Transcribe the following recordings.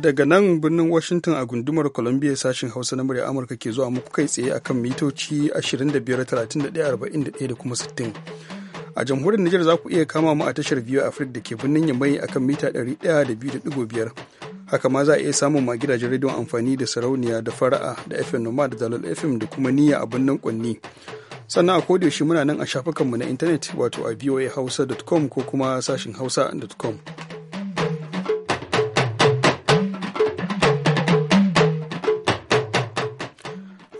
daga nan birnin washington a gundumar columbia sashen hausa na murya amurka ke zuwa muku kai tsaye akan mitoci 25 da kuma 60 a jamhuriyar nijar za ku iya kama mu a tashar biyu afirka da ke birnin yamai akan mita 102.5 haka ma za a iya samun ma gidajen rediyon amfani da sarauniya da fara'a da fm noma da dalal fm da kuma niyya a birnin kwanni sannan a koda muna nan a shafukanmu na intanet wato a voahausa.com ko kuma sashin hausa.com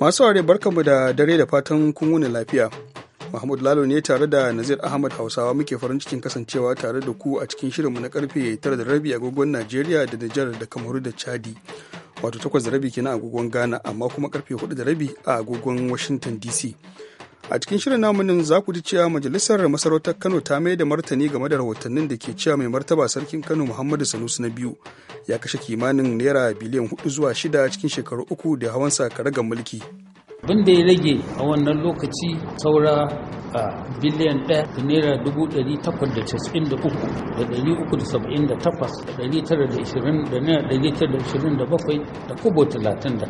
Masu ware barkanmu da dare da fatan kun wuni lafiya. Mahmud Lalo ne tare da Nazir Ahmad Hausawa muke farin cikin kasancewa tare da ku a cikin shirinmu na karfe tara da rabi agogon Najeriya da Nijar da Kamaru da Chadi. Wato takwas da rabi kenan agogon Ghana amma kuma karfe hudu da rabi a agogon Washington DC. a cikin shirin namunin za ku ji cewa majalisar masarautar kano ta mai da martani game da rahotannin da ke cewa mai martaba sarkin kano muhammadu sanusi na biyu ya kashe kimanin naira biliyan hudu zuwa shida cikin shekaru uku da hawan ga mulki abin ya rage a wannan lokaci saura a biliyan ɗaya da naira dubu ɗari da casa'in da uku da ɗari uku da saba'in da da ɗari tara da da naira ɗari tara da ishirin da bakwai da talatin da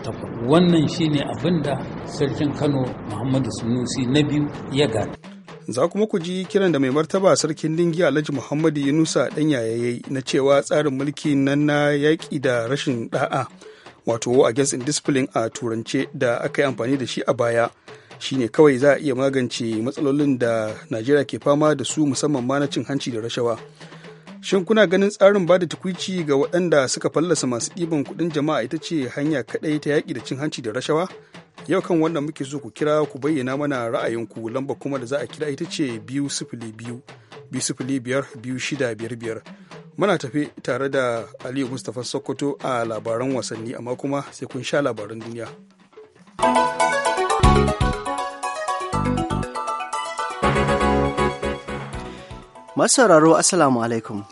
wannan shine abin da sarkin kano muhammadu sunusi na biyu ya gada. za kuma ku ji kiran da mai martaba sarkin dingi alhaji muhammadu yunusa dan yayaye na cewa tsarin mulki nan na yaƙi da rashin ɗa'a wato against indiscipline a turance da aka yi amfani da shi a baya shine kawai za a iya magance matsalolin da najeriya ke fama da su musamman ma na cin hanci da rashawa shin kuna ganin tsarin ba da tukwici ga waɗanda suka fallasa masu ɗiban kuɗin jama'a ita ce hanya kaɗai ta yaƙi da cin hanci da rashawa yau kan wannan muke so ku kira ku bayyana mana ra'ayinku lamba kuma da za a kira ita ce biyu sifili biyu 2055 muna tafi tare da aliyu mustapha sokoto a labaran wasanni amma kuma sai kun sha labaran duniya masauraro assalamu alaikum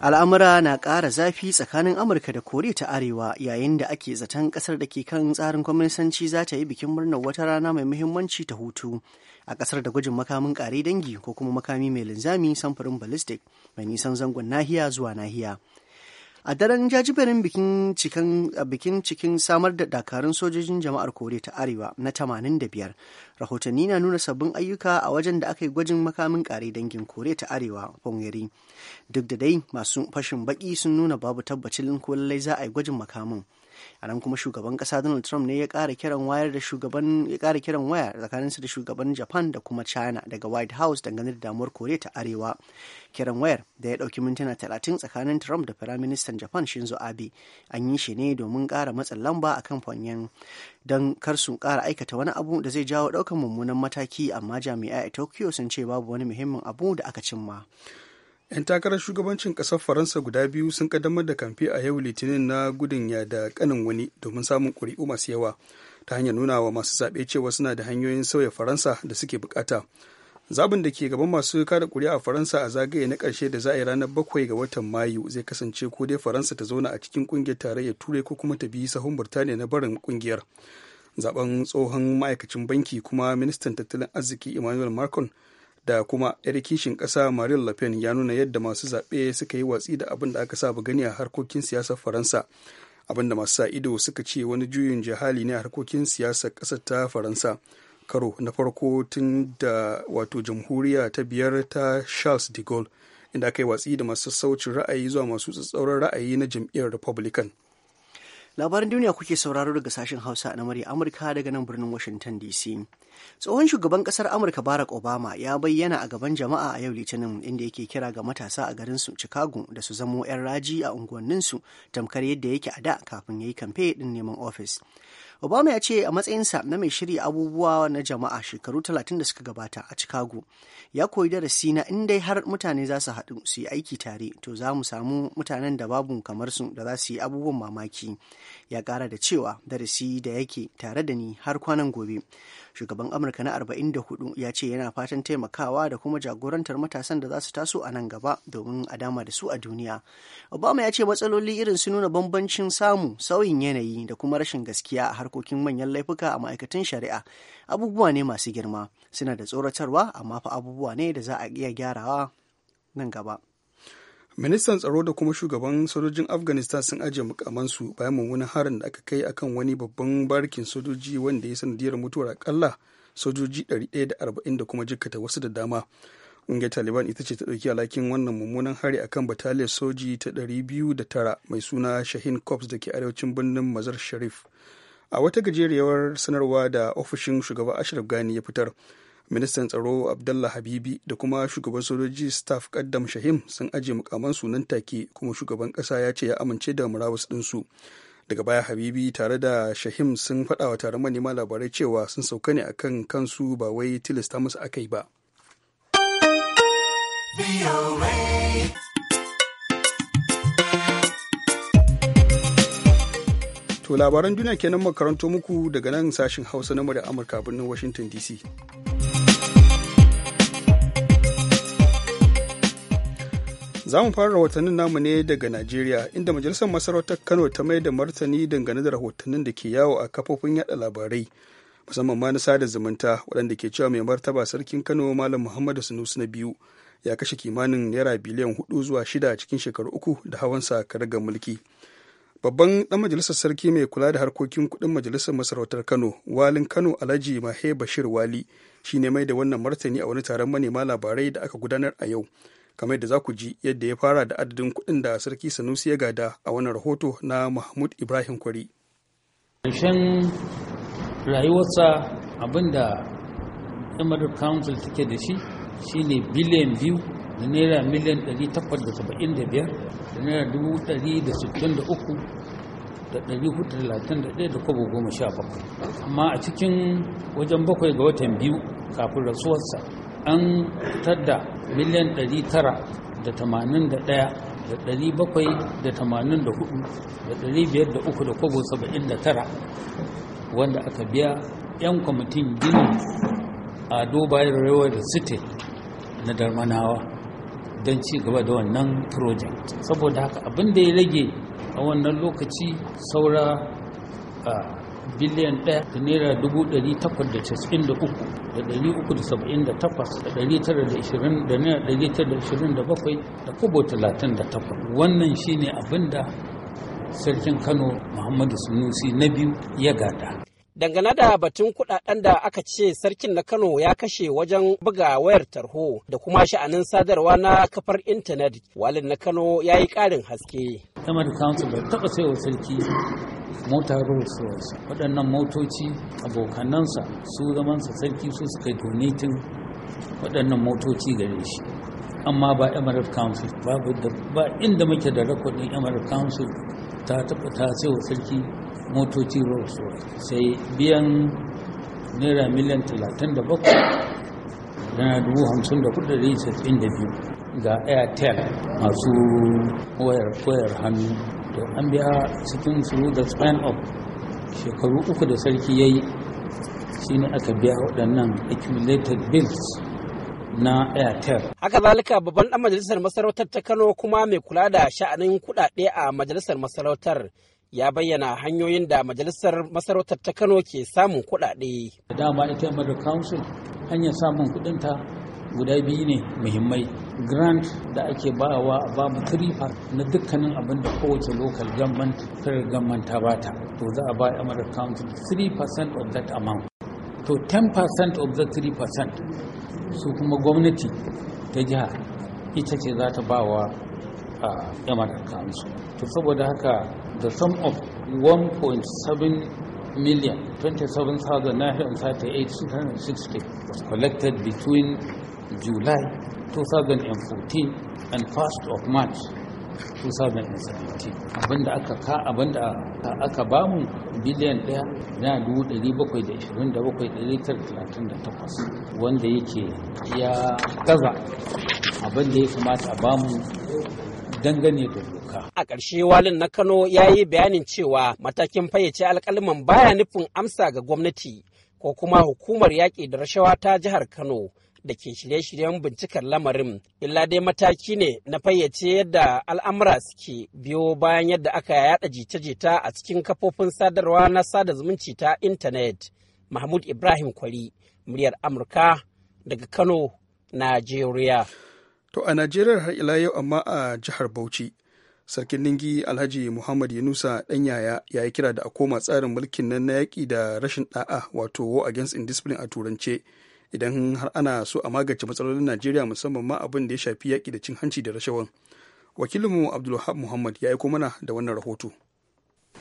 al'amura na ƙara zafi tsakanin amurka da koriya ta arewa yayin da ake zaton ƙasar da ke kan tsarin kwaminisanci za ta yi bikin murnar wata rana mai muhimmanci ta hutu a kasar da gwajin makamin kare dangi ko kuma makami mai linzami samfurin ballistic mai nisan zangon nahiya zuwa nahiya a daren jajiberin bikin cikin samar da dakarun sojojin jama'ar kore ta arewa na tamanin da biyar, rahotanni na nuna sabbin ayyuka a wajen da aka yi gwajin makamin kare dangin kore ta arewa pongeri duk da dai masu fashin baki sun nuna babu tabbacin ko lallai za a yi gwajin makamin a nan kuma shugaban kasa donald trump ne ya kara kiran wayar da shugaban ya kara kiran waya tsakaninsa da shugaban japan da kuma china daga white house dangane da damuwar koriya ta arewa kiran wayar da ya dauki mintuna talatin tsakanin trump da firaministan japan shinzo abe an yi shi ne domin kara matsin lamba akan kan fanyen don kar su kara aikata wani abu da zai jawo daukan mummunan mataki amma jami'ai a tokyo sun ce babu wani muhimmin abu da aka cimma 'yan takarar shugabancin kasar faransa guda biyu sun kaddamar da kamfe a yau litinin na gudun ya da kanin wani domin samun ƙuri'u masu yawa ta hanyar nuna wa masu zaɓe cewa suna da hanyoyin sauya faransa da suke bukata zaɓin da ke gaban masu kada ƙuri'a a faransa a zagaye na karshe da za a yi ranar bakwai ga watan mayu zai kasance ko dai faransa ta zauna a cikin ƙungiyar tarayyar turai ko kuma ta biyi sahun burtaniya na barin ƙungiyar zaben tsohon ma'aikacin banki kuma ministan tattalin arziki emmanuel macron da kuma 'yar kishin ƙasa Marine Le Pen ya nuna yadda masu zaɓe suka yi watsi da abin da aka saba gani a harkokin siyasar Faransa. Abin da masu sa ido suka ce wani juyin jihali ne a harkokin siyasar ƙasar ta Faransa. Karo na farko tun da wato jamhuriya ta biyar ta Charles de Gaulle, inda aka yi watsi da masu sassaucin ra'ayi zuwa masu tsatsauran ra'ayi na jam'iyyar Republican. labaran duniya kuke sauraro daga sashen hausa na murya amurka daga nan birnin washington dc tsohon shugaban kasar amurka barack obama ya bayyana a gaban jama'a a yau litinin inda yake kira ga matasa a garin su chicago da su zamo 'yan raji a unguwanninsu tamkar yadda yake a da kafin ya yi kamfe din neman ofis obama ya ce a matsayinsa na mai shirya abubuwa na jama'a shekaru 30 da suka gabata a chicago ya koyi darasi na in dai har mutane za su haɗu su yi aiki tare to za mu samu mutanen da babu kamar su da za su yi abubuwan mamaki ya kara da cewa darasi da yake tare da ni har kwanan gobe shugaban amurka na 44 ya ce yana fatan taimakawa da kuma jagorantar matasan da za su taso a nan gaba domin a dama da su a duniya obama ya ce matsaloli irin su nuna bambancin samu sauyin yanayi da kuma rashin gaskiya a harkokin manyan laifuka a ma'aikatan shari'a abubuwa ne masu girma suna da tsoratarwa amma fa abubuwa ne da za a iya gyarawa nan gaba ministan tsaro da kuma shugaban sojojin afghanistan sun ajiye mukamansu bayan mummunan harin da aka kai akan wani babban barkin sojoji wanda ya sanadiyar mutuwar akalla sojoji 140 da kuma jikkata wasu da dama ƙungiyar taliban ita ce ta ɗauki alhakin wannan mummunan hari akan bataliyar soji ta 209 mai suna shahin corps da ke arewacin birnin mazar sharif a wata gajeriyar sanarwa da ofishin shugaba ashraf gani ya fitar ministan tsaro abdullah habibi da kuma shugaban sojoji staff kaddam shahim sun ajiye mukamansu sunan take kuma shugaban kasa ya ce ya amince da murabus su daga baya habibi tare da shahim sun faɗa wa taron manema labarai cewa sun sauka ne akan kansu ba wai tilasta musu akai ba. To labaran duniya kenan makaranto muku daga nan sashin Hausa na murya Amurka birnin Washington DC. Za mu fara rahotannin namu ne daga Najeriya inda Majalisar Masarautar Kano ta mai da martani dangane da rahotannin da ke yawo a kafofin yada labarai musamman ma na sada zumunta waɗanda ke cewa mai martaba sarkin Kano Malam Muhammadu Sunusu na biyu ya kashe kimanin naira biliyan hudu zuwa shida cikin shekaru uku da hawansa ka mulki. mulki. babban dan majalisar sarki mai kula da harkokin kudin majalisar masarautar kano walin kano alhaji mahe bashir wali shi ne mai da wannan martani a wani taron manema labarai da aka gudanar a yau kamar yadda za ku ji yadda ya fara da adadin kudin da sarki sanusi ya gada a wannan rahoto na mahmud ibrahim kwari ƙarshen rayuwarsa abinda emirate council take da shi shine biliyan biyu da naira miliyan 875 da naira 163 da 431 da kwabo goma sha bakwai amma a cikin wajen bakwai ga watan biyu kafin rasuwarsa an fitar da miliyan 981 da bakwai da tamanin da hudu da da da biyar uku kwabo tara wanda aka biya 'yan kwamitin gini a dubai railway city na darmanawa don ci gaba da wannan project saboda haka abin da ya rage a wannan lokaci saura a biliyan ɗaya da naira dubu ɗari takwas da casa'in da uku da ɗari uku da saba'in da takwas da ɗari tara da ishirin da naira ɗari tara da ishirin da bakwai da kobo talatin da takwas wannan shine abin da sarkin kano muhammadu sunusi na biyu ya gada dangane da batun kudaden da aka ce sarkin na kano ya kashe wajen buga wayar tarho da kuma sha'anin sadarwa na kafar intanet walin na kano ya yi karin haske sama da council bai taba saiwa sarki mota rolls royce waɗannan motoci abokanansa su zamansa sarki su suka donating waɗannan motoci gare shi amma ba emirate council babu da ba inda muke da rakodin emirate council ta taba ta saiwa sarki motoci rolls sai biyan naira miliyan 37 na 54,000 ga airtel masu wayar hannu to an biya cikin through the spine of shekaru uku da sarki ya yi shi ne aka biya waɗannan accumulated bills na airtel haka zalika babban ɗan majalisar masarautar ta kano kuma mai kula da sha'anin kuɗaɗe a majalisar masarautar ya bayyana hanyoyin da majalisar masarautar ta Kano ke samun kuɗaɗe. Dama ita Mother Council hanyar samun kuɗinta guda biyu ne muhimmai. Grant da ake bawa babu tirifa na dukkanin abin da kowace local government federal government ta bata. To za a ba Mother Council 3% of that amount. To 10% of the 3% su kuma gwamnati ta jiha ita ce za ta bawa a ah, Council. To saboda haka the sum of 1.7 million, 27,938,660 was collected between July 2014 and 1st of March 2017 abinda aka ka abinda aka bamu biliyan daya na dubu dari bakwai da ishirin da bakwai dari talatin wanda yake ya kaza abinda ya kamata a bamu dangane da doka. A ƙarshe walin na Kano ya yi bayanin cewa matakin fayyace alƙalman baya nufin amsa ga gwamnati ko kuma hukumar yaƙi da rashawa ta jihar Kano da ke shirye-shiryen bincikar lamarin. Illa dai mataki ne na fayyace yadda al'amura suke biyo bayan yadda aka yada jita-jita a cikin kafofin sadarwa na sada zumunci ta intanet. Mahmud Ibrahim Kwari, muryar Amurka daga Kano, Najeriya. To a Najeriya har ila yau amma a jihar Bauchi sarkin lingi alhaji muhammad yunusa dan yaya ya yi kira da a koma tsarin mulkin nan na yaƙi da rashin ɗa'a wato war against indiscipline a turance idan har ana so a magance matsalolin najeriya musamman ma abin da ya shafi yaƙi da cin hanci da rashawan wakilinmu abdulwahab muhammad ya aiko mana da wannan rahoto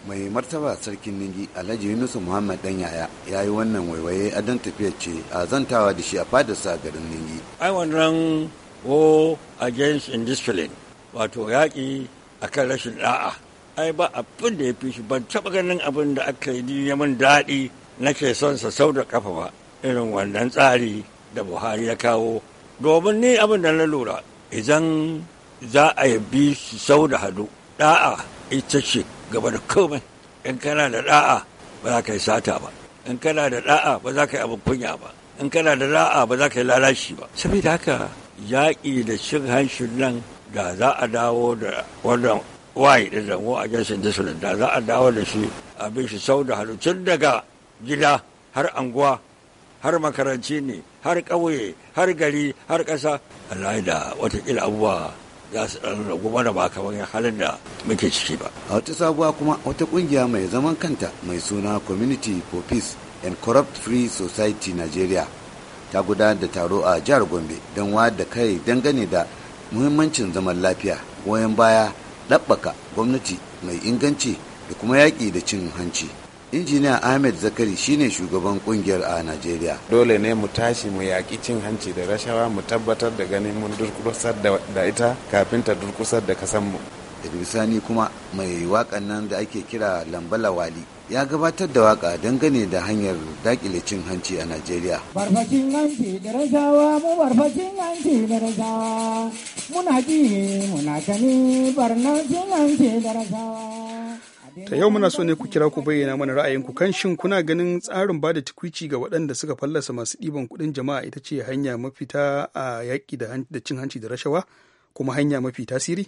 mai martaba sarkin ningi alhaji yunusu muhammad dan yaya ya yi wannan waiwaye a dan tafiya ce a zantawa da shi a fadarsa garin ningi ai wannan war against indiscipline wato yaƙi A kan rashin da'a ai ba abin da ya fi shi ban taɓa ganin abin da aka yi ya min daɗi nake son sa sau da kafa ba irin wannan tsari da buhari ya kawo domin ni abin da na lura idan za a yi bi su sau da hadu da'a ita ce gaba da komai in kana da da'a ba za ka yi sata ba in kana da da'a ba za ka yi abin kunya ba in kana da da'a ba za ka yi lalashi ba saboda haka yaƙi da cin hanshin nan da za a dawo da wannan waye da zango a jinsin disulin da za a dawo da shi abin shi sau da halittun daga gida har anguwa har makaranci ne har ƙauye har gari har ƙasa Allah da watakila abubuwa za su ɗan ragu mana ba kamar halin da muke ciki ba. A wata sabuwa kuma wata ƙungiya mai zaman kanta mai suna Community for Peace and Corrupt Free Society Nigeria ta gudanar da taro a jihar Gombe don wayar da kai dangane da muhimmancin zaman lafiya goyon baya ɗabbaka gwamnati mai inganci da kuma yaƙi da cin hanci injiniya ahmed zakari shine shugaban kungiyar a najeriya dole ne mu tashi mu yaƙi cin hanci da rashawa mu tabbatar da ganin mun durkusar da ita kafin ta durkusar da kasanmu daga bisani kuma mai waƙan nan da ake kira lambala wali ya gabatar da waka dangane da hanyar dakile cin hanci a Najeriya. Barfacin hanci da rajawa mu barfacin hanci da rajawa muna ji muna gani barnacin hanci da rajawa. Ta yau muna so ne ku kira ku bayyana mana ra'ayinku kan shin kuna ganin tsarin ba da tukwici ga waɗanda suka fallasa masu ɗiban kuɗin jama'a ita ce hanya mafita a yaƙi da cin hanci da rashawa kuma hanya mafi tasiri?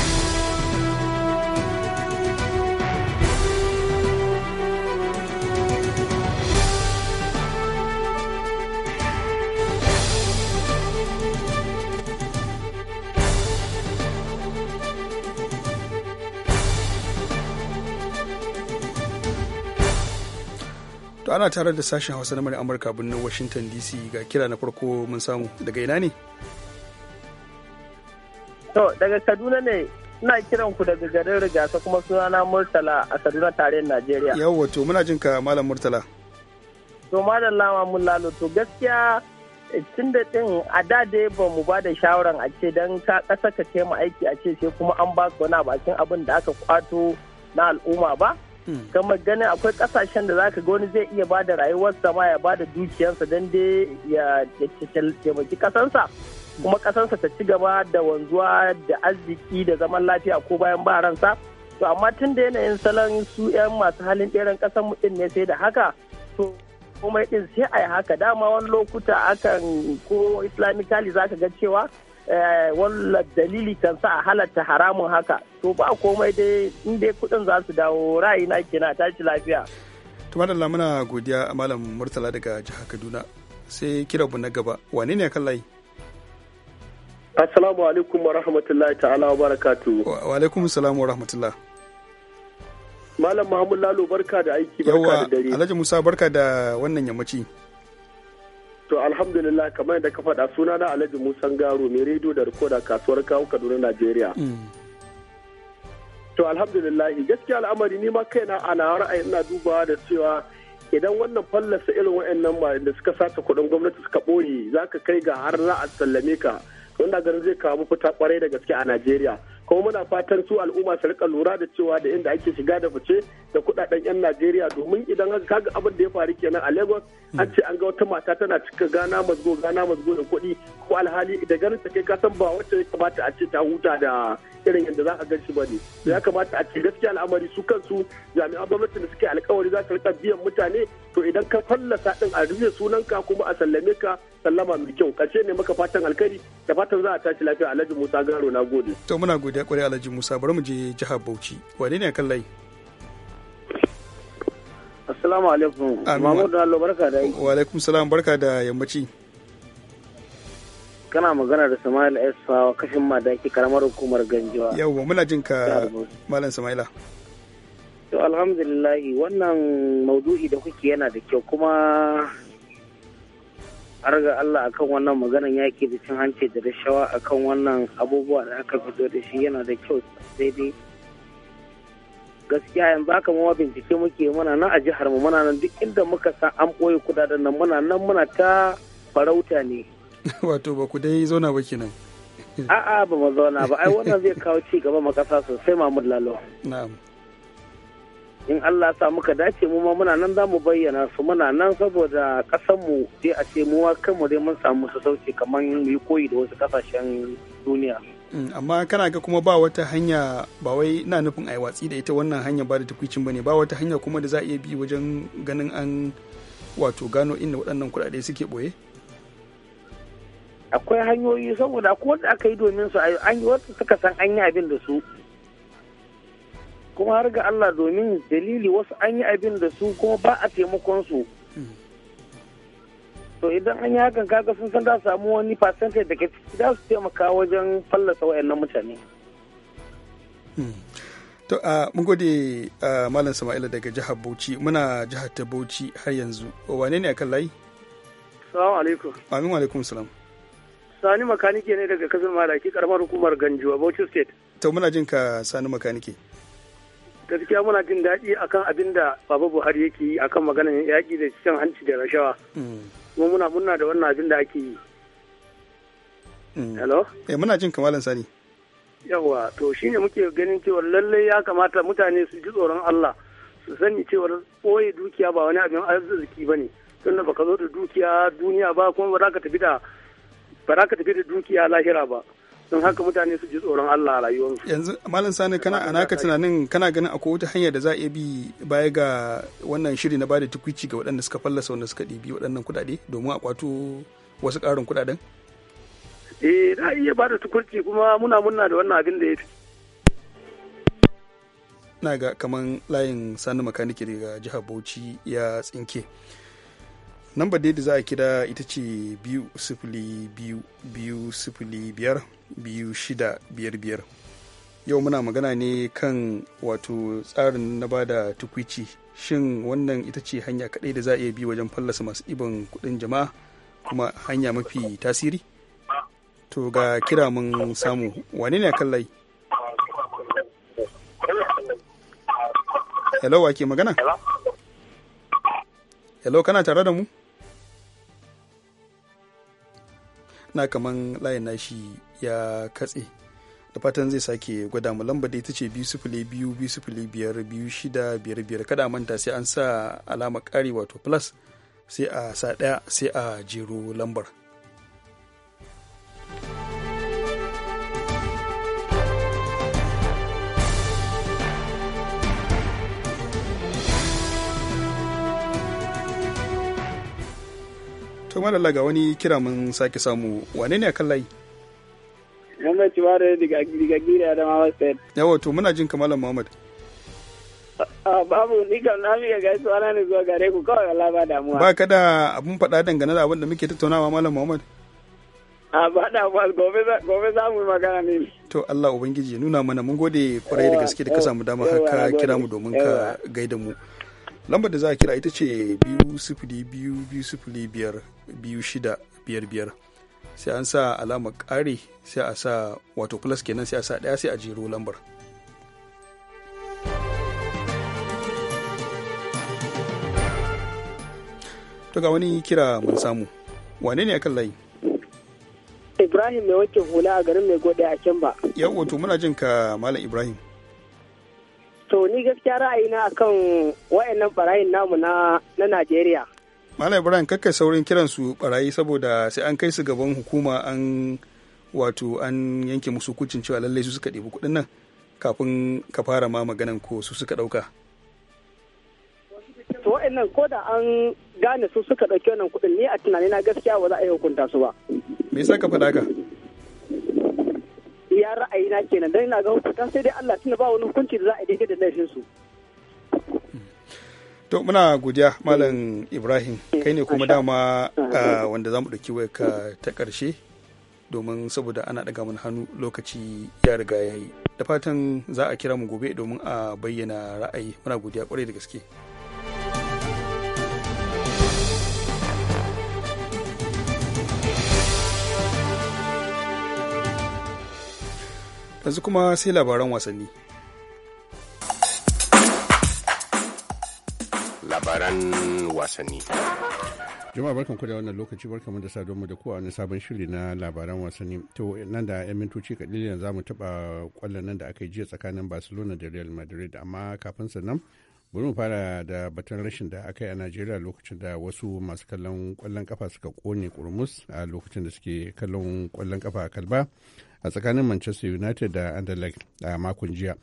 To ana tare da sashen Hausa na Amurka birnin Washington DC ga kira na farko mun samu daga ina ne? To daga Kaduna ne ina kiran ku daga garin Rigasa kuma sunana Murtala a Kaduna tarayyar Najeriya. Yawwa to muna jin ka Malam Murtala. To Malam Lama mun lalo to gaskiya tun da din a da dai ba mu ba da shawaran a ce don ka kasa ka taimaka aiki a ce sai kuma an ba su wani bakin abin da aka kwato na al'umma ba. Hmm. kamar ganin akwai kasashen da zaka ga wani zai iya ba da rayuwarsa ma ya ba da dukiyarsa don dai ya taimaki kasansa kuma kasansa ta ci gaba da wanzuwa da arziki da zaman lafiya ko bayan ba ransa to amma tun da yanayin salon su 'yan masu halin ɗeran kasan mutum ne sai da haka to komai din sai a yi haka dama wani lokuta akan ko islamically zaka ga cewa Eh, wannan dalili kan sa a halatta haramun haka to ba komai dai in dai kudin za su dawo kina ta tashi lafiya to madalla muna godiya a malam murtala daga jihar kaduna sai kira na gaba wane ne kan layi assalamu alaikum wa rahmatullahi ta'ala wa barakatu wa alaikum salam wa rahmatullah malam muhammad lalo barka da aiki barka da dare alhaji musa barka da wannan yammaci To alhamdulillah kamar yadda ka faɗa suna na Alhaji Musan Garo mai rediyo da rikoda kasuwar kawo Kaduna Najeriya. Mm. To alhamdulillah gaskiya al'amari ni ma kaina ana ra'ayi ina dubawa da cewa idan wannan fallasa irin wa'annan da suka sace kuɗin gwamnati suka ɓoye za ka kai ga har za a sallame ka wanda garin zai kawo mafita kwarai da gaske a Najeriya. kuma muna fatan su al'umma su rika lura da cewa da inda ake shiga da fice da kudaden yan Najeriya domin idan haka kaga abin da ya faru kenan a Lagos hmm. an ce an ga wata mata tana cika gana mazgo gana mazgo da kuɗi ko alhali da ganin ta kai ka san ba wacce ya kamata a ce ta huta da irin yadda za a gan shi ba ne ya kamata a ce gaskiya al'amari su kansu jami'an gwamnati da suke alkawari za su rika biyan mutane to idan ka fallasa din a rufe sunanka kuma a sallame ka sallama mai kyau karshe ne maka fatan alkhairi da fatan za a tashi lafiya Alhaji Musa Garo na gode to muna godiya kwarai Alhaji Musa bari mu je jihar Bauchi wane ne kan layi Assalamu alaikum Mahmud Bello barka da Wa alaikum salam barka da yammaci kana magana da Sama'il S Fawa kashin madaki karamar hukumar Ganjiwa. Yawwa muna jin ka Malam Sama'ila. To alhamdulillah wannan maudu'i da kuke yana da kyau kuma har ga Allah akan wannan maganan yaki da cin hanci da rashawa akan wannan abubuwa da aka fito da shi yana da kyau sai dai. gaskiya yanzu haka mawa bincike muke muna nan a jihar mu muna nan duk inda muka san an ɓoye kudaden nan muna nan muna ta farauta ne wato ba ku dai zauna ba kenan a'a ba mu zauna ba ai wannan zai kawo ci gaba ma kasa sosai Mahmud Lalo na'am in Allah sa muka dace mu ma muna nan zamu bayyana su muna nan saboda mu je a ce mu kanmu dai mun samu su sauke kamar mu yi koyi da wasu kasashen duniya. Mm, amma kana ga kuma ba wata hanya ba wai na nufin ai watsi da ita wannan hanya ba da takwicin bane ba wata hanya kuma da za a iya bi wajen ganin an wato gano inda waɗannan kuɗaɗe suke ɓoye? akwai hanyoyi saboda akwai wanda aka yi domin su an yi wata suka san an yi abin da su kuma har ga Allah domin dalili wasu an yi abin da su kuma ba a taimakon su to idan an yi hakan kaga sun san za samu wani percentage daga ciki za su taimaka wajen fallasa wayannan mutane to a mun gode malam sama'ila daga jihar bauchi muna jihar ta bauchi har yanzu wane ne akan layi salamu alaikum wa alaikum salam Sani makanike ne daga kasar Malaki karamar hukumar Ganjuwa Bauchi State. To muna jin ka Sani makanike. Gaskiya muna jin daɗi akan abin da Baba Buhari yake yi akan maganar yaƙi da cin hanci da rashawa. Kuma mm. muna muna da wannan abin da ake yi. Mm. Hello? Eh muna jin kamalan Sani. Yawa to shine muke ganin cewa lallai ya kamata mutane su ji tsoron Allah su sani cewa ɓoye dukiya ba wani abin arziki ba ne. Tunda baka zo da dukiya duniya ba kuma ba za ka tafi da ba za ka tafi da dukiya lahira ba don haka mutane su ji tsoron Allah a rayuwarsu yanzu malam sani kana a naka tunanin kana ganin akwai wata hanya da za a bi baya ga wannan shiri na bada tukwici ga waɗanda suka fallasa wanda suka ɗibi waɗannan kuɗaɗe domin a kwato wasu ƙarin kuɗaɗen eh za a iya bada tukurci kuma muna munna da wannan abin da ya na ga kaman layin sani makaniki daga jihar bauchi ya tsinke namba dai da za a kira ita ce biyu sifili biyu biyu sifili biyar biyu shida biyar biyar yau muna magana ne kan wato tsarin na bada tukwici shin wannan ita ce hanya kaɗai da za a iya bi wajen fallasa masu ibon kuɗin jama'a kuma hanya mafi tasiri to ga kira mun samu wane ne a layi hello wa ke magana hello kana tare da mu na kaman layin nashi ya katse da fatan zai sake gwada mu lamba da ita ce biyu sifili biyu biyu sifili biyar biyu shida biyar biyar kada manta sai an sa alama kari wato plus sai a sa ɗaya sai a jero lambar. to malalla ga wani kira mun sake samu wane ne a kan layi Muhammad Jumare daga daga Gire Adamawa State yawa to muna jin kamalan Muhammad babu ni kam na miya gaisuwa ana ne zuwa gare ku kawai Allah ba damuwa ba ka da abun faɗa dangane da abin da muke tattaunawa malam Muhammad a ba da gobe za mu magana ne to Allah ubangiji nuna mana mun gode kwarai da gaske da ka samu dama har ka kira mu domin ka gaida mu lambar da za a kira ita ce biyu sifili biyu biyu sifili biyar 2655 sai an sa alamar ƙari sai a sa wato plus kenan sai a sa ɗaya sai a jero lambar to ga wani kira mun samu wane ne akan layi ibrahim mai wanke hula a garin mai gode a can ba yau to muna jin ka malam ibrahim to ni gaskiya ra'ayi na akan wayannan barayin namu na na najeriya Malam Ibrahim kakka saurin kiran su barayi saboda sai an kai su gaban hukuma an wato an yanke musu hukuncin cewa lallai su suka ɗebi kuɗin nan kafin ka fara ma maganan ko su suka ɗauka. To wa'annan ko da an gane su suka ɗauki wannan kuɗin ni a na gaskiya ba za a yi hukunta su ba. Me yasa ka faɗa ka? Ya ra’ayi na kenan dan ina ga hukunta sai dai Allah tuna ba wani hukunci da za a daidai da laifin su. to muna godiya mm. malam ibrahim kai ne kuma dama ah, wanda za mu ɗauki wayarka ta ƙarshe domin saboda ana ɗaga mun hannu lokaci ya riga ya yi da fatan za a kira mu gobe domin a bayyana ra'ayi muna godiya kwarai da gaske yanzu kuma sai labaran wasanni labaran wasanni. Juma'a barkan ku da wannan lokaci barkan da sadon mu da kowa wani sabon shiri na labaran wasanni. To nan da 'yan mintoci kaɗiliyan za mu taɓa ƙwallon nan da aka yi jiya tsakanin Barcelona da Real Madrid amma kafin sannan bari mu fara da batun rashin da aka yi a Najeriya lokacin da wasu masu kallon kwallon kafa suka kone kurmus a lokacin da suke kallon kwallon kafa a kalba a tsakanin Manchester United da Anderlecht a makon jiya.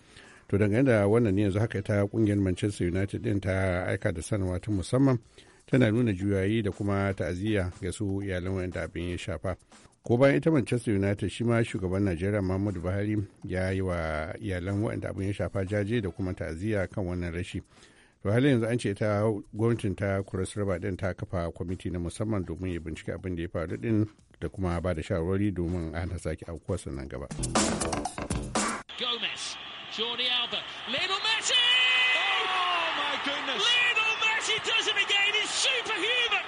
to dangane da wannan ne yanzu haka ita kungiyar manchester united din ta aika da sanarwa ta musamman tana nuna juyayi da kuma ta'aziyya ga su iyalan wanda abin ya shafa ko bayan ita manchester united shi ma shugaban najeriya muhammadu buhari ya yi wa iyalan wanda abin ya shafa jaje da kuma ta'aziyya kan wannan rashi to halin yanzu an ce ta gwamnatin ta kuras raba din ta kafa kwamiti na musamman domin ya bincike abin da ya faru din da kuma ba da shawarwari domin ana hana sake aukuwa nan gaba Jordi Alba. Lionel Messi! Oh, my goodness! Lionel Messi does it again. He's superhuman.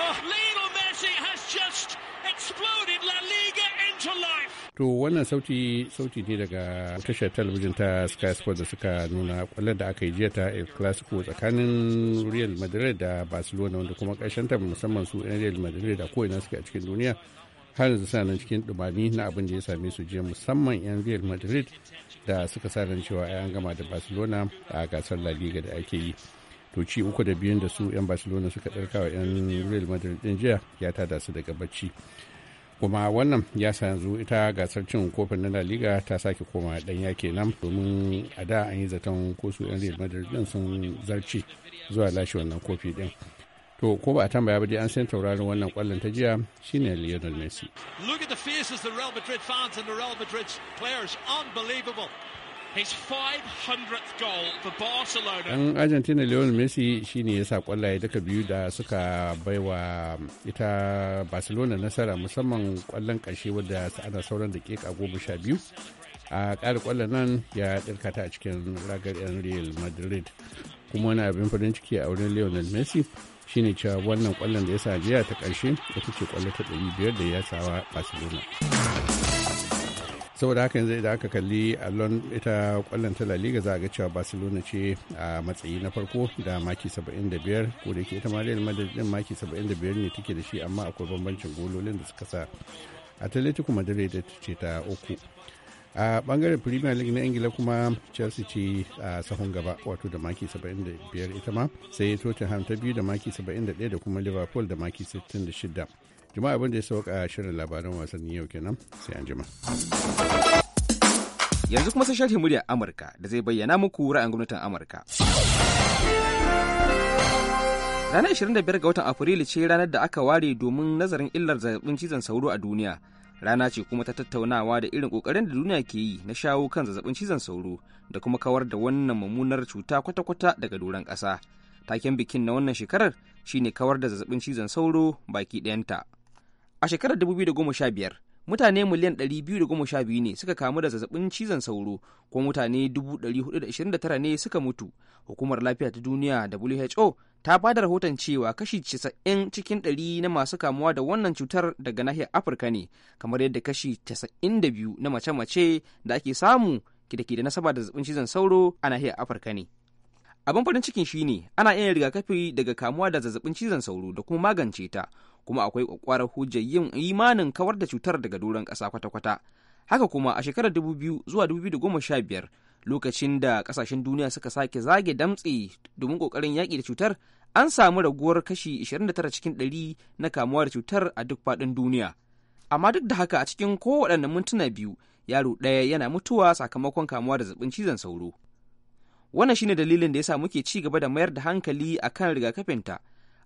Oh. Lionel Messi has just exploded La Liga into life. To wannan sauti sauti ne daga tashar talabijin ta Sky Sports da suka nuna kwallon da aka yi jiya ta El Clasico tsakanin Real Madrid da Barcelona wanda kuma ƙarshen ta musamman su 'yan Real Madrid a ko'ina suke a cikin duniya har yanzu suna nan cikin dumami na abin da ya same su jiya musamman 'yan real madrid da suka sa nan cewa an gama da barcelona a gasar la liga da ake yi to ci uku da biyun da su 'yan barcelona suka ɗauka wa 'yan real madrid din jiya ya tada su daga bacci kuma wannan ya sa yanzu ita gasar cin kofin na la liga ta sake koma dan yake nan domin a da an yi zaton ko su 'yan real madrid din sun zarce zuwa lashe wannan kofi din to ko ba a tambaya ba dai an san taurarin wannan kwallon ta jiya shine Lionel Messi look at the faces the Real Madrid fans and the Real Madrid players unbelievable his 500th goal for Barcelona. Dan Argentina Lionel Messi shine ya sa kwallaye duka biyu da suka baiwa ita Barcelona nasara musamman kwallon ƙarshe wadda ana sauran dakika goma sha biyu. A ƙara kwallon nan ya ɗirkata a cikin ragar 'yan Real Madrid. Kuma wani abin farin ciki a wurin Lionel Messi shine cewa wannan kwallon da ya sa jiya ta ƙarshe ita ce kwallo ta 500 da ya sawa barcelona saboda haka yanzu idan aka kalli allon ita kwallon ta liga za a ga cewa barcelona ce a matsayi na farko da maki 75 ko da ke ita ma real madrid maki 75 ne take da shi amma akwai bambancin gololin da suka sa atletico madrid ce ta uku a bangaren premier league na ingila kuma chelsea ce a sahun gaba wato da maki 75 ita ma sai tottenham ta biyu da maki 71 da kuma liverpool da maki 66 jima abin da ya sauka shirin labaran wasanni yau kenan sai an jima yanzu kuma sai shafin muryar amurka da zai bayyana muku ra'ayin gwamnatin amurka ranar 25 ga watan afrilu ce ranar da aka ware domin nazarin illar zazzabin cizon sauro a duniya rana ce kuma ta tattaunawa da irin kokarin da duniya ke yi na shawo kan zazzabin cizon sauro da kuma kawar da wannan mummunar cuta kwata-kwata daga doron ƙasa taken bikin na wannan shekarar shine kawar da zazzabin cizon sauro baki ɗayanta a shekarar 2015 mutane miliyan 212 ne suka kamu da zazzabin cizon sauro ko mutane 429 ne suka mutu hukumar lafiya ta duniya WHO ta ba da rahoton cewa kashi 90 cikin 100 na masu kamuwa da wannan cutar daga nahiyar afirka ne kamar yadda kashi 92 na mace-mace da ake samu da ke da nasaba da zazzabin cizon sauro a nahiyar afirka ne abin farin cikin shine ana iya rigakafi daga kamuwa da zazzabin cizon sauro da kuma magance ta kuma akwai kwakwarar hujjar yin imanin kawar da cutar daga doron ƙasa kwata-kwata haka kuma a shekarar 2000 zuwa 2015 lokacin da kasashen duniya suka sake zage damtse domin kokarin yaƙi da cutar an samu raguwar kashi 29 cikin 100 na kamuwa da cutar a duk faɗin duniya amma duk da haka a cikin kowaɗannan mintuna biyu yaro ɗaya yana mutuwa sakamakon kamuwa da zaɓin cizon sauro wannan shine dalilin da yasa muke ci gaba da mayar da hankali akan rigakafinta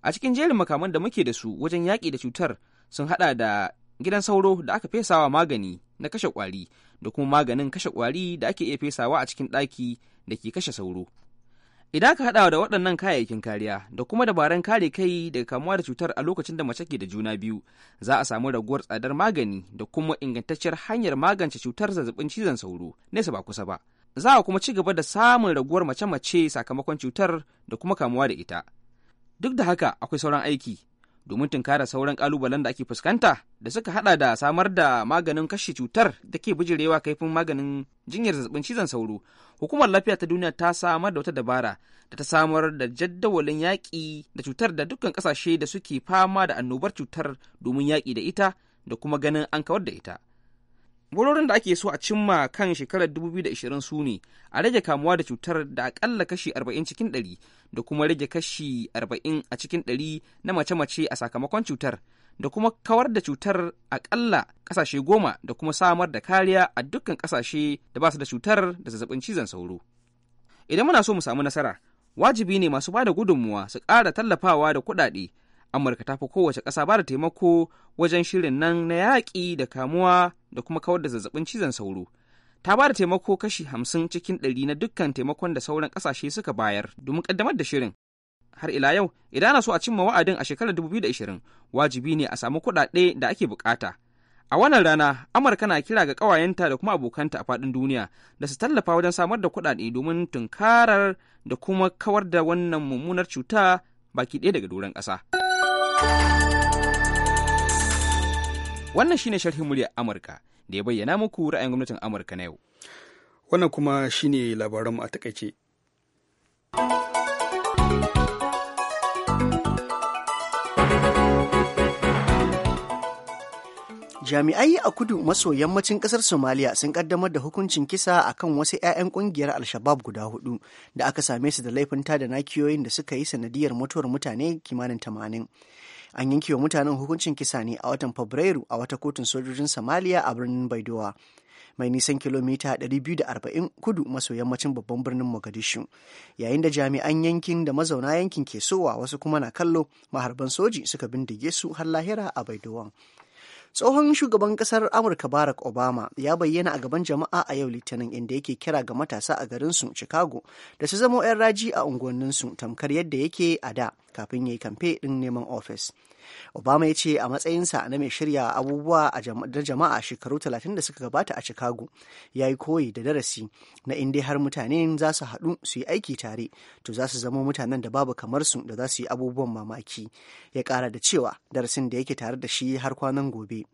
a cikin jerin makaman da muke da su wajen yaƙi da cutar sun haɗa da gidan sauro da aka fesawa magani na kashe ƙwari da kuma maganin kashe kwari da ake iya fesawa a cikin ɗaki da ke kashe sauro. Idan ka haɗawa da waɗannan kayayyakin kariya da kuma dabaran kare kai daga kamuwa da cutar a lokacin da mace ke da juna biyu, za a samu raguwar tsadar magani da kuma ingantacciyar hanyar magance cutar zazzabin cizon sauro nesa ba kusa ba. Za a kuma ci gaba da samun raguwar mace-mace sakamakon cutar da kuma kamuwa da ita. Duk da haka akwai sauran aiki domin tunkara sauran kalubalen da ake fuskanta da suka hada da samar da maganin kashe cutar da ke bijirewa kaifin maganin jinyar zazzabin cizon sauro hukumar lafiya ta duniya ta samar da wata dabara da ta samar da jaddawalin yaƙi da cutar da dukkan ƙasashe da suke fama da annobar cutar domin yaƙi da ita da kuma ganin an kawar da ita burorin da ake so a cimma kan shekarar 2020 su ne a rage kamuwa da cutar da akalla kashi 40 cikin 100 da kuma rage kashi arba'in a cikin ɗari na mace-mace a sakamakon cutar da kuma kawar da cutar aƙalla ƙasashe goma da kuma samar da kariya a dukkan ƙasashe da ba su da cutar da zazzabin cizon sauro idan muna so mu samu nasara wajibi ne masu bada gudunmuwa su ƙara tallafawa da kuɗaɗe amurka ta fi kowace ƙasa ba da taimako wajen shirin nan na yaƙi da kamuwa da kuma kawar da zazzabin cizon sauro ta ba da taimako kashi hamsin cikin ɗari na dukkan taimakon da sauran ƙasashe suka bayar domin ƙaddamar da shirin har ila yau idan ana so a cimma wa'adin a shekarar 2020 wajibi ne a samu kuɗaɗe da ake bukata a wannan rana amurka na kira ga ƙawayenta da kuma abokanta a faɗin duniya da su tallafa wajen samar da kuɗaɗe domin tunkarar da kuma kawar da wannan mummunar cuta baki ɗaya daga doron ƙasa wannan shine sharhin muryar amurka da ya bayyana muku ra'ayin gwamnatin Amurka na yau. Wannan kuma shine labaranmu a takaice. jami'ai a kudu maso yammacin kasar somaliya sun kaddamar da hukuncin kisa a kan wasu 'ya'yan kungiyar al-shabab guda hudu da aka same su da laifin tada nakiyoyin da suka yi sanadiyar mutuwar mutane kimanin tamanin an yanke wa mutanen hukuncin kisa ne a watan fabrairu a wata kotun sojojin samaliya a birnin baidowa mai nisan kilomita 240 kudu maso yammacin babban birnin mogadishu yayin da jami'an yankin da mazauna yankin ke sowa wasu kuma na kallo maharban soji suka bindige su har lahira a baidowan tsohon shugaban kasar amurka barack obama ya bayyana a gaban jama'a a yau litinin inda yake kira ga matasa a garinsu chicago da su zama 'yan raji a unguwanninsu tamkar yadda yake a da kafin ya yi kamfe ɗin neman ofis obama ya ce a matsayinsa na mai shirya abubuwa da jama'a shekaru 30 da suka gabata a chicago ya yi koyi da darasi na inda har mutane za su haɗu su yi aiki tare to za su zama mutanen da babu kamar su da za su yi abubuwan mamaki ya ƙara da cewa darasin da yake tare da shi har kwanan gobe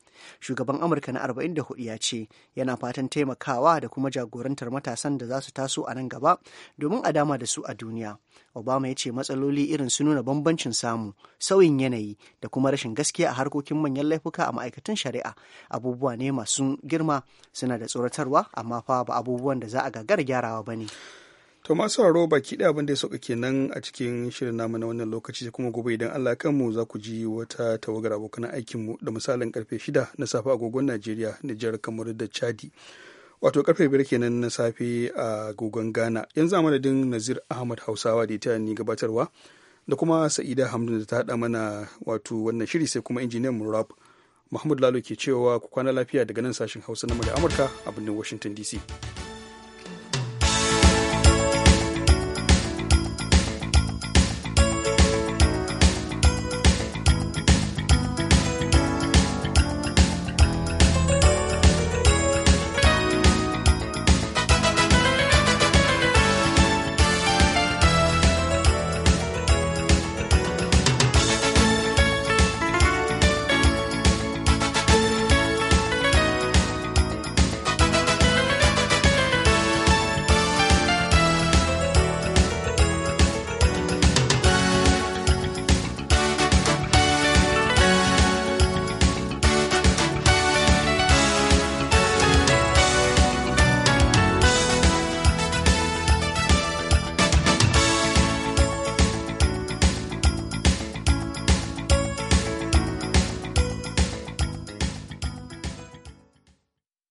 shugaban amurka na 44 ya ce yana fatan taimakawa da kuma jagorantar matasan da za su taso a nan gaba domin a dama da su a duniya obama ya ce matsaloli irin su nuna bambancin samu sauyin yanayi da kuma rashin gaskiya a harkokin manyan laifuka a ma'aikatan shari'a abubuwa ne masu girma suna da tsoratarwa amma fa ba abubuwan da za a gagara gyarawa ba ne To masu haro baki ɗaya abin ya sauka kenan a cikin shirin namu na wannan lokaci kuma gobe idan Allah kan mu za ku ji wata tawagar abokan aikin mu da misalin karfe shida na safe agogon Najeriya, Nijar, kamar da Chadi. Wato karfe biyar kenan na safe a gogon Ghana. Yanzu a madadin Nazir Ahmad Hausawa da ita ni gabatarwa da kuma Sa'ida Hamdun da ta haɗa mana wato wannan shiri sai kuma injiniyan Murab Mahmud Lalo ke cewa ku kwana lafiya daga nan sashen Hausa na Amurka a birnin Washington DC.